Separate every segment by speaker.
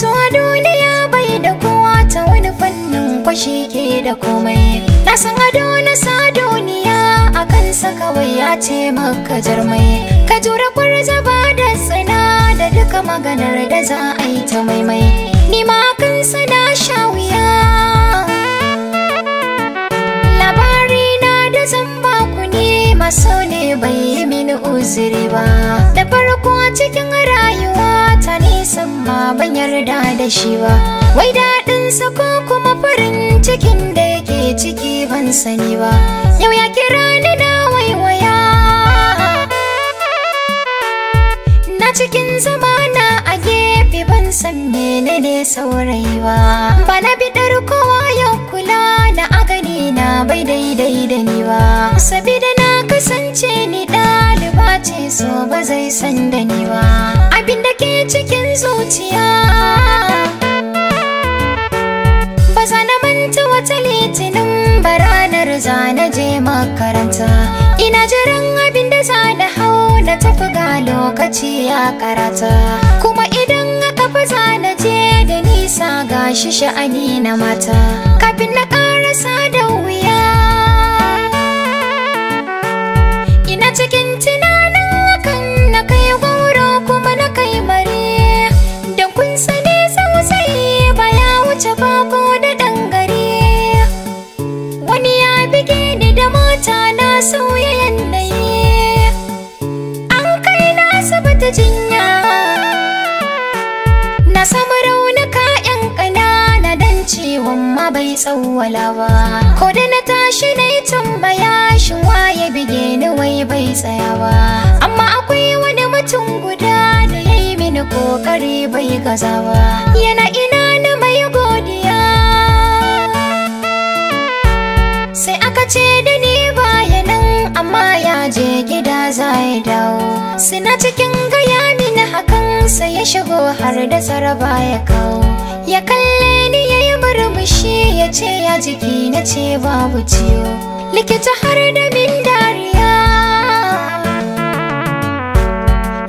Speaker 1: so duniya bai da kowa ta wani fannin kwashe ke da komai na san ado na sa duniya a kansa kawai ya ce maka jarmai ka jura kwarza ba da tsina da duka maganar da za a yi ta maimai ni ma kansa na sha wuya labari na da zamba ku ne ne bai yi mini uziri ba da farko cikin rayuwa san ban yarda da shi ba wai daɗinsa ko kuma farin cikin da yake ciki ban sani ba yau ya kira ni na waiwaya na cikin zamana a gefe ban san menene saurayi ba ba na bi kowa yau kula na a na bai daidai da ni ba sabida na kasance ni ɗaliba ce so ba zai san da ni ba abin da ke cikin zuciya ba na manta wata litinin baranar zana je makaranta ina jiran abin da zana hau na tafi ga lokaci ya karata kuma idan aka fa zana je da nisa ga shi sha'ani na mata kafin na karasa da wuya sauye yanayi an kai na asibiti jinya na samu raunuka yan ƙanana don ciwon ma bai tsawwala ba ko da na tashi na yi tambaya shi waye bige ni wai bai tsaya ba amma akwai wani mutum guda da ya yi mini kokari bai gazawa yana ina suna cikin gaya ni na hakan sa ya shigo har da saraba ya kawo ya kalle ni ya yi murmushi ya ce ya jiki na ce babu ciwo likita har da min dariya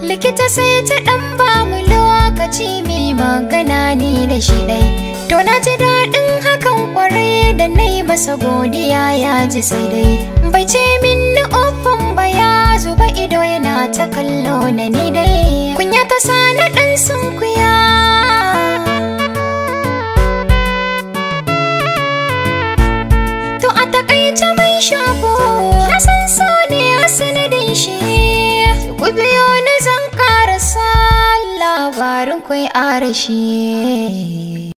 Speaker 1: likita sai ta dan ba mu lokaci mai magana ni da shi dai to na ji daɗin hakan kwarai da na yi masa godiya ya ji sai dai bai ce min na ofa shafo na san so ne a sanadin shi ku biyo ni zan karasa labarin kai arashi